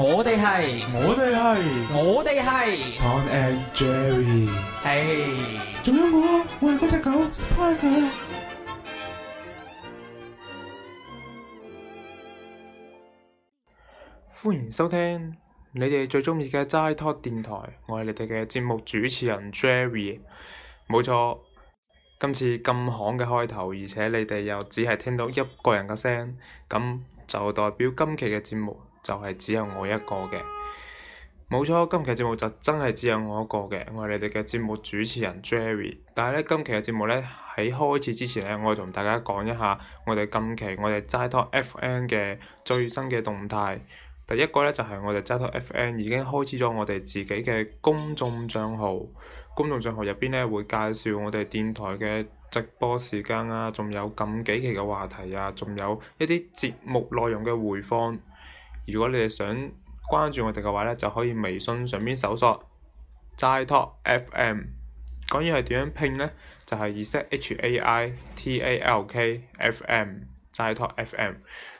我哋係，我哋係，我哋係。Tom and Jerry，係。仲有我，我係嗰隻狗。歡迎收聽你哋最鍾意嘅齋 Talk 電台，我係你哋嘅節目主持人 Jerry。冇錯，今次咁戇嘅開頭，而且你哋又只係聽到一個人嘅聲，咁就代表今期嘅節目。就係只有我一個嘅，冇錯。今期嘅節目就真係只有我一個嘅，我係你哋嘅節目主持人 Jerry。但係咧，今期嘅節目咧，喺開始之前咧，我會同大家講一下我，我哋近期我哋齋托 F N 嘅最新嘅動態。第一個咧就係、是、我哋齋托 F N 已經開始咗我哋自己嘅公眾帳號，公眾帳號入邊咧會介紹我哋電台嘅直播時間啊，仲有咁幾期嘅話題啊，仲有一啲節目內容嘅回放。如果你哋想關注我哋嘅話咧，就可以微信上邊搜索齋 Talk FM。講係點樣拼咧，就係 Z H A I T A L K F M。Zytalk F.M.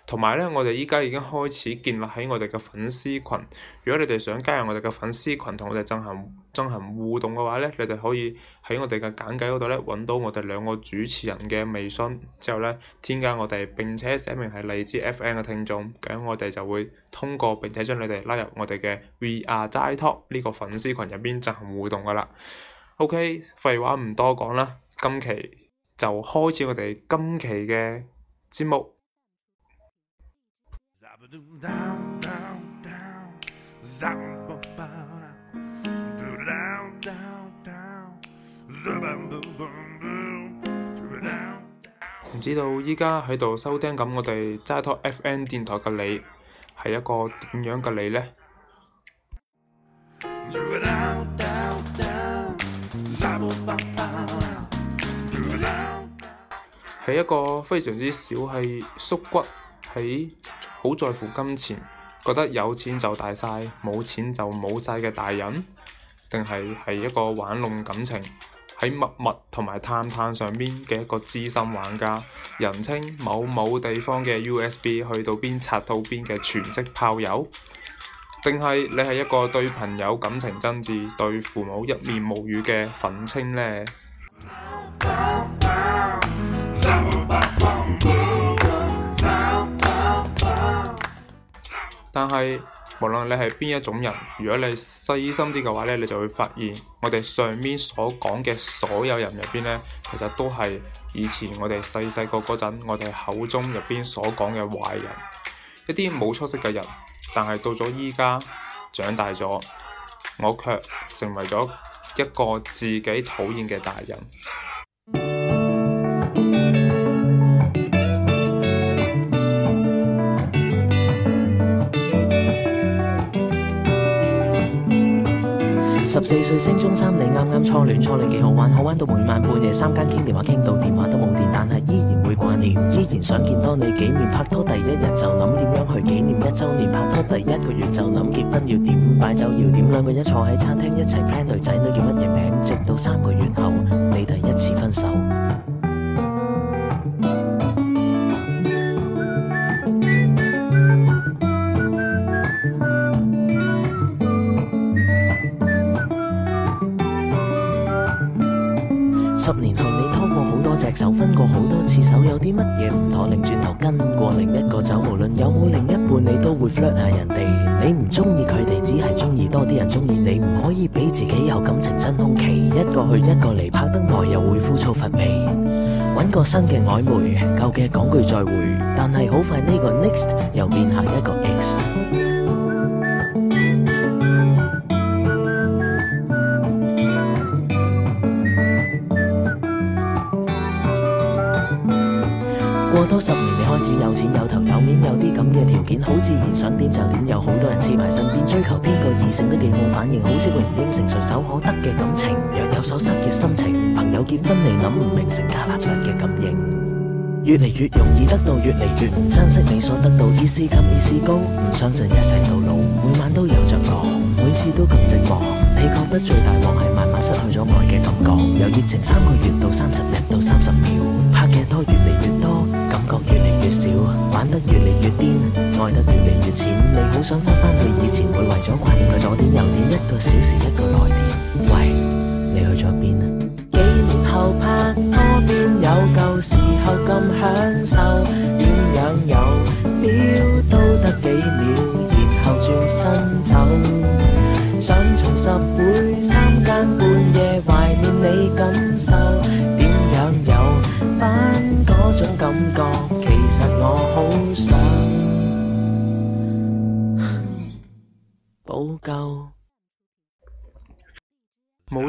同埋咧，我哋而家已經開始建立喺我哋嘅粉絲群。如果你哋想加入我哋嘅粉絲群，同我哋進行進行互動嘅話咧，你哋可以喺我哋嘅簡介嗰度咧揾到我哋兩個主持人嘅微信，之後咧添加我哋並且寫明係荔枝 F.M. 嘅聽眾，咁我哋就會通過並且將你哋拉入我哋嘅 VR e Are 齋托呢個粉絲群入邊進行互動噶啦。OK，廢話唔多講啦，今期就開始我哋今期嘅。節目。唔知道依家喺度收聽緊我哋渣拓 FM 電台嘅你，係一個點樣嘅你呢？係一個非常之小氣、縮骨、喺好在乎金錢、覺得有錢就大晒，冇錢就冇晒嘅大人，定係係一個玩弄感情、喺陌陌同埋探探上面嘅一個資深玩家，人稱某某地方嘅 USB 去到邊插到邊嘅全職炮友，定係你係一個對朋友感情真摯、對父母一面無語嘅憤青呢？但係，無論你係邊一種人，如果你細心啲嘅話呢，你就會發現我哋上面所講嘅所有人入邊呢，其實都係以前我哋細細個嗰陣，我哋口中入邊所講嘅壞人，一啲冇出息嘅人。但係到咗依家長大咗，我卻成為咗一個自己討厭嘅大人。十四歲升中三，你啱啱初戀，初戀幾好玩，好玩到每晚半夜三更傾電話傾到電話都冇電，但係依然會掛念，依然想見到你幾面。拍拖第一日就諗點樣去紀念一週年，拍拖第一個月就諗結婚要點，擺酒要點，兩個人坐喺餐廳一齊 plan 女仔女叫乜嘢名，直到三個月後你第一次分手。十年後你拖過好多隻手，分過好多次手，有啲乜嘢唔妥，擰轉頭跟過另一個走。無論有冇另一半，你都會 flirt 下人哋。你唔中意佢哋，只係中意多啲人中意你。唔可以俾自己有感情真空期，一個去一個嚟，拍得耐又會枯燥乏味。揾個新嘅曖昧，舊嘅講句再會，但係好快呢個 next 又變下一個 ex。過多十年，你開始有錢有頭有面有啲咁嘅條件，好自然想點就點，有好多人黐埋身邊追求邊個異性都幾好反應，好識逢應承、隨手可得嘅感情，若有所失嘅心情，朋友結婚你諗唔明，成家立室嘅感應，越嚟越容易得到，越嚟越唔珍惜你所得到，意思近意思高，唔相信一世到老，每晚都有着落，每次都咁寂寞，你覺得最大鑊係慢慢失去咗愛嘅感覺，由熱情三個月到三十日到三十秒，拍嘅拖越嚟越多。越覺越嚟越少，玩得越嚟越癲，愛得越嚟越淺。你好想翻返去以前，會為咗掛念，左點右點，一個小時一個。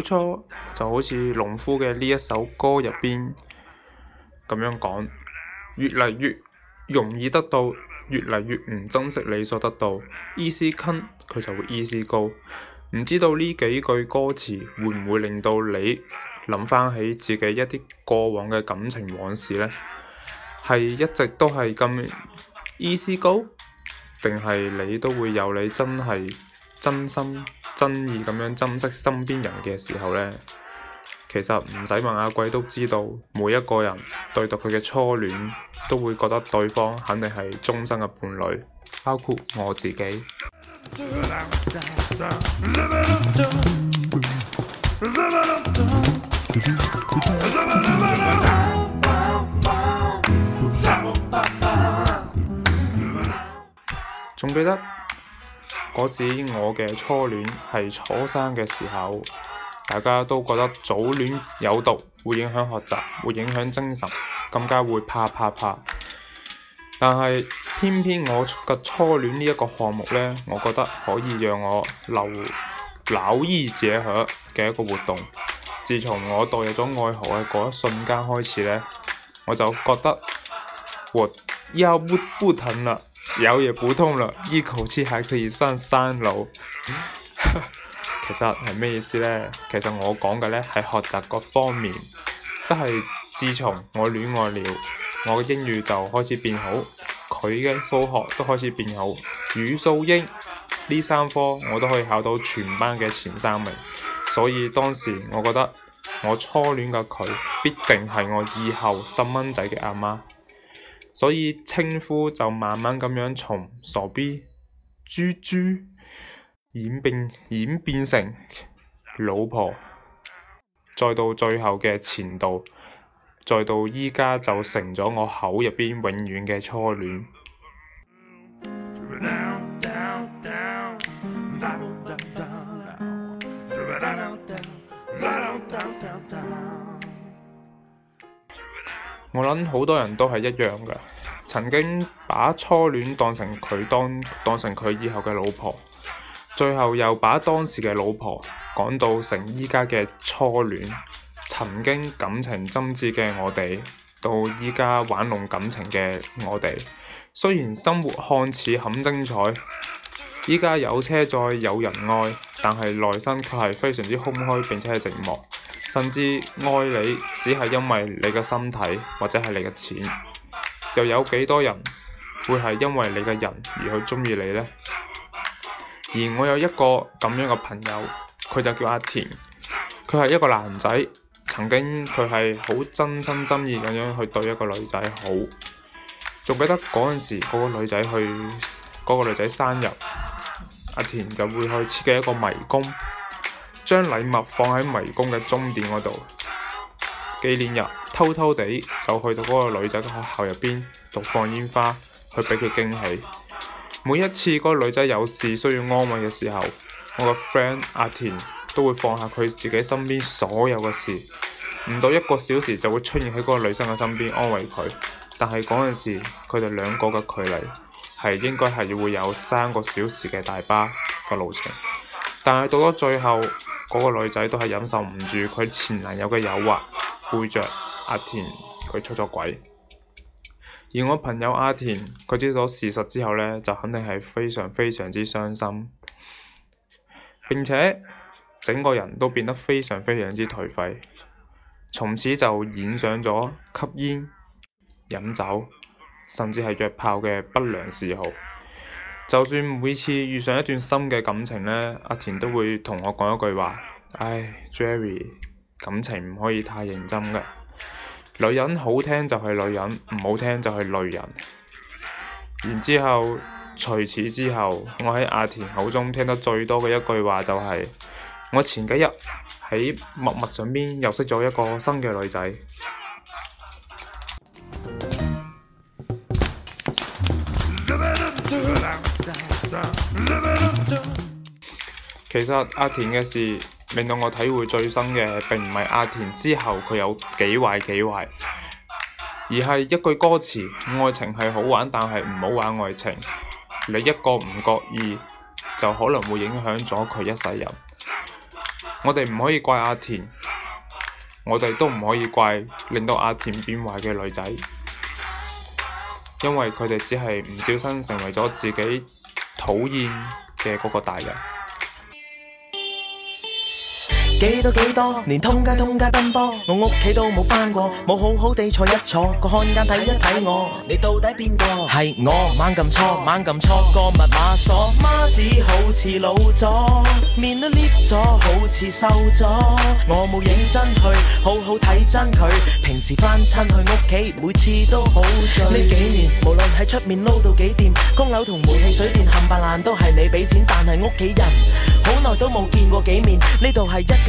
初就好似農夫嘅呢一首歌入邊咁樣講，越嚟越容易得到，越嚟越唔珍惜你所得到。easy come 佢就會 easy go，唔知道呢幾句歌詞會唔會令到你諗翻起自己一啲過往嘅感情往事呢？係一直都係咁 easy go，定係你都會有你真係？真心真意咁樣珍惜身邊人嘅時候呢，其實唔使問阿貴都知道，每一個人對待佢嘅初戀都會覺得對方肯定係終生嘅伴侶，包括我自己。仲記得？ 嗰時我嘅初戀係初三嘅時候，大家都覺得早戀有毒，會影響學習，會影響精神，更加會怕怕怕。但係偏偏我嘅初戀呢一個項目呢，我覺得可以讓我勞逸結合嘅一個活動。自從我墮入咗愛河嘅嗰一瞬間開始呢，我就覺得我腰不不疼啦。有嘢普通啦，一口氣還可以上三樓。 其實係咩意思呢？其實我講嘅咧係學習各方面，即係自從我戀愛了，我嘅英語就開始變好，佢嘅數學都開始變好，語數英呢三科我都可以考到全班嘅前三名。所以當時我覺得我初戀嘅佢必定係我以後細蚊仔嘅阿媽。所以稱呼就慢慢咁樣從傻逼、豬豬演變演變成老婆，再到最後嘅前度，再到而家就成咗我口入邊永遠嘅初戀。我諗好多人都係一樣嘅，曾經把初戀當成佢當當成佢以後嘅老婆，最後又把當時嘅老婆講到成依家嘅初戀。曾經感情真摯嘅我哋，到依家玩弄感情嘅我哋。雖然生活看似很精彩，依家有車再有人愛，但係內心卻係非常之空虛，並且係寂寞。甚至愛你只係因為你嘅身體或者係你嘅錢，又有幾多人會係因為你嘅人而去鍾意你呢？而我有一個咁樣嘅朋友，佢就叫阿田，佢係一個男仔，曾經佢係好真心真意咁樣去對一個女仔好，仲記得嗰陣時嗰個女仔去嗰個女仔生日，阿田就會去設計一個迷宮。將禮物放喺迷宮嘅終點嗰度。紀念日偷偷地就去到嗰個女仔嘅學校入邊，度放煙花去畀佢驚喜。每一次嗰個女仔有事需要安慰嘅時候，我個 friend 阿田都會放下佢自己身邊所有嘅事，唔到一個小時就會出現喺嗰個女生嘅身邊安慰佢。但係嗰陣時，佢哋兩個嘅距離係應該係會有三個小時嘅大巴嘅路程。但係到咗最後。嗰個女仔都係忍受唔住佢前男友嘅誘惑，背著阿田佢出咗軌。而我朋友阿田佢知道咗事實之後呢，就肯定係非常非常之傷心，並且整個人都變得非常非常之頹廢，從此就染上咗吸煙、飲酒，甚至係約炮嘅不良嗜好。就算每次遇上一段新嘅感情呢，阿田都會同我講一句話：唉，Jerry，感情唔可以太認真嘅。女人好聽就係女人，唔好聽就係累人。然之後，除此之後，我喺阿田口中聽得最多嘅一句話就係：我前幾日喺陌陌上面又識咗一個新嘅女仔。其實阿田嘅事令到我體會最深嘅，並唔係阿田之後佢有幾壞幾壞，而係一句歌詞：愛情係好玩，但係唔好玩愛情，你一個唔覺意，就可能會影響咗佢一世人。我哋唔可以怪阿田，我哋都唔可以怪令到阿田變壞嘅女仔，因為佢哋只係唔小心成為咗自己。討厭嘅嗰個大人。幾多幾多，連通街通街奔波，我屋企都冇翻過，冇好好地坐一坐，啊、個看家睇一睇我，你到底邊個？係我猛咁錯，猛咁錯個密碼鎖，啊、媽子好似老咗，面都 lift 咗，好似瘦咗。我冇認真去，好好睇真佢，平時翻親去屋企，每次都好醉。呢幾年無論喺出面撈到幾掂，供樓同煤氣水電冚唪唥都係你俾錢，但係屋企人好耐都冇見過幾面，呢度係一。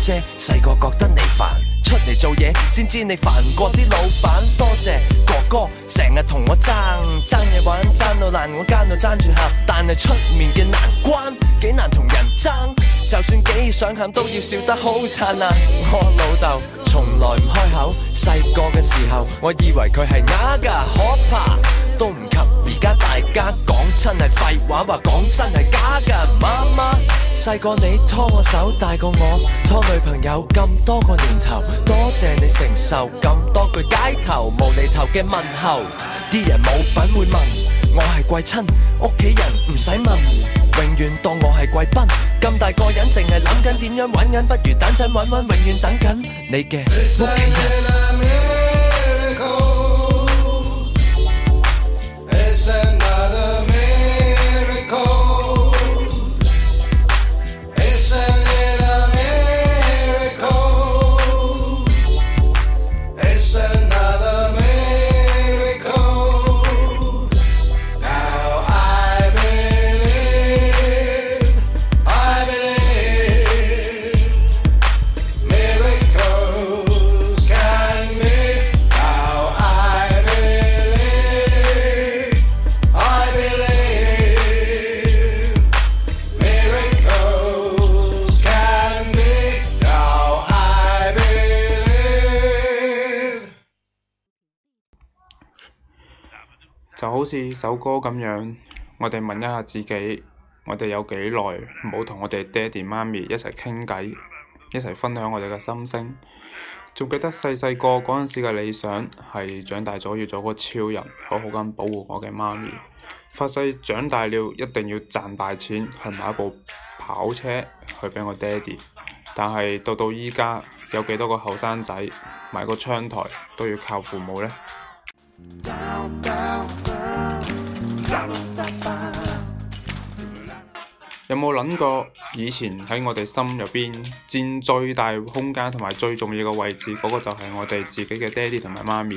姐細個覺得你煩，出嚟做嘢先知你煩過啲老闆。多謝哥哥，成日同我爭，爭嘢玩，爭到爛我間度，爭住客，但係出面嘅難關幾難同人爭，就算幾想喊，都要笑得好燦爛。我老豆從來唔開口，細個嘅時候我以為佢係啞㗎，可怕都唔及。而家大家講真係廢話，話講真係假㗎，媽媽。細個你拖我手，大個我拖女朋友，咁多個年頭，多謝你承受咁多句街頭無厘頭嘅問候。啲人冇品會問，我係貴親，屋企人唔使問，永遠當我係貴賓。咁大個人淨係諗緊點樣揾緊，不如等陣揾揾，永遠等緊你嘅屋企人。就好似首歌咁樣，我哋問一下自己，我哋有幾耐冇同我哋爹哋媽咪一齊傾偈，一齊分享我哋嘅心聲？仲記得細細個嗰陣時嘅理想係長大咗要做個超人，好好咁保護我嘅媽咪。發誓長大了一定要賺大錢，去買部跑車去畀我爹哋。但係到到而家，有幾多個後生仔買個窗台都要靠父母呢？有冇諗過以前喺我哋心入邊佔最大空間同埋最重要嘅位置，嗰個就係我哋自己嘅爹哋同埋媽咪。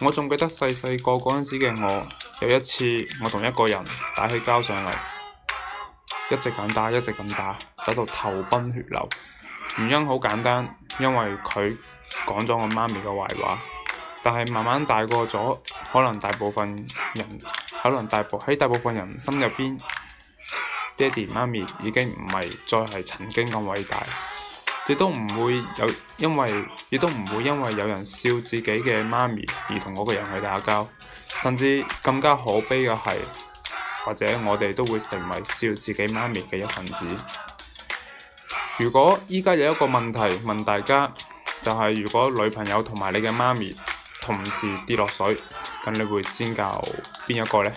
我仲記得細細個嗰陣時嘅我，有一次我同一個人打起交上嚟，一直咁打，一直咁打，打到頭崩血流。原因好簡單，因為佢講咗我媽咪嘅壞話。但係慢慢大過咗，可能大部分人，可能大部喺大部分人心入邊，爹哋媽咪已經唔係再係曾經咁偉大，亦都唔會有因為亦都唔會因為有人笑自己嘅媽咪而同嗰個人去打交，甚至更加可悲嘅係，或者我哋都會成為笑自己媽咪嘅一份子。如果而家有一個問題問大家，就係、是、如果女朋友同埋你嘅媽咪，同時跌落水，咁你會先救邊一個呢？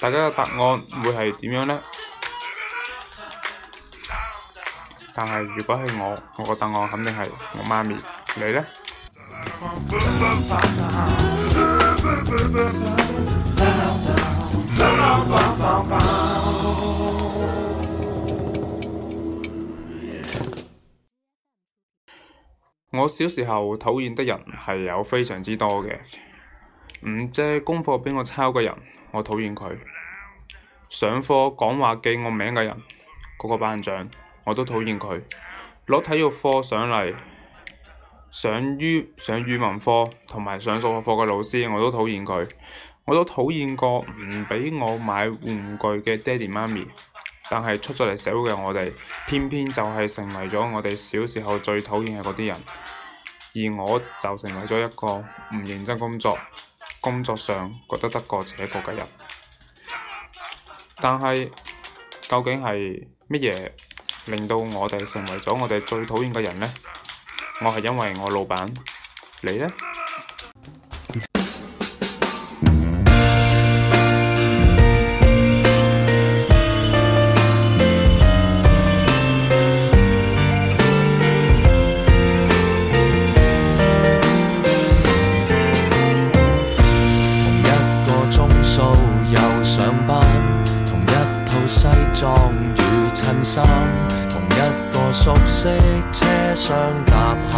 大家嘅答案會係點樣呢？但係如果係我，我個答案肯定係我媽咪。你呢？我小時候討厭的人係有非常之多嘅，唔借功課俾我抄嘅人，我討厭佢；上課講話記我名嘅人，嗰個班長，我都討厭佢；攞體育課上嚟上語上語文課同埋上數學課嘅老師，我都討厭佢；我都討厭過唔畀我買玩具嘅爹哋媽咪。但係出咗嚟社會嘅我哋，偏偏就係成為咗我哋小時候最討厭嘅嗰啲人，而我就成為咗一個唔認真工作、工作上覺得得過且過嘅人。但係究竟係乜嘢令到我哋成為咗我哋最討厭嘅人呢？我係因為我老闆，你呢？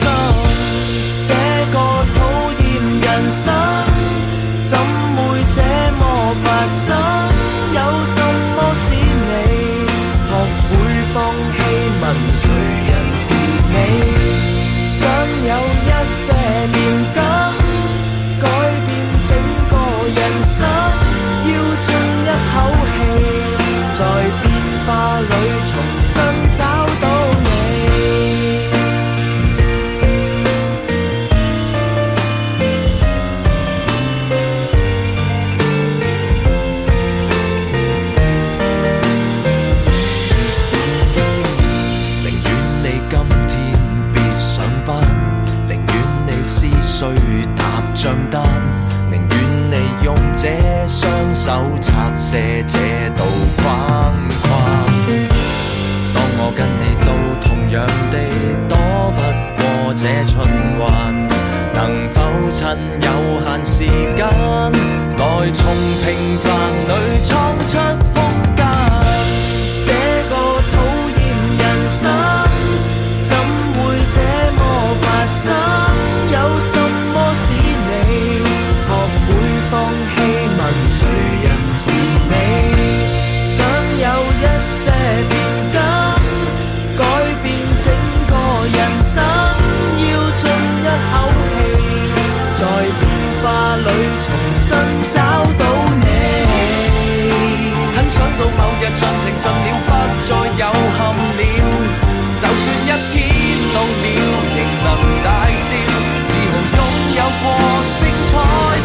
So，這個討厭人生。寧願你用這雙手拆卸這道框框。當我跟你都同樣地躲不過這循環，能否趁有限時間，來從平凡裏創出和精彩。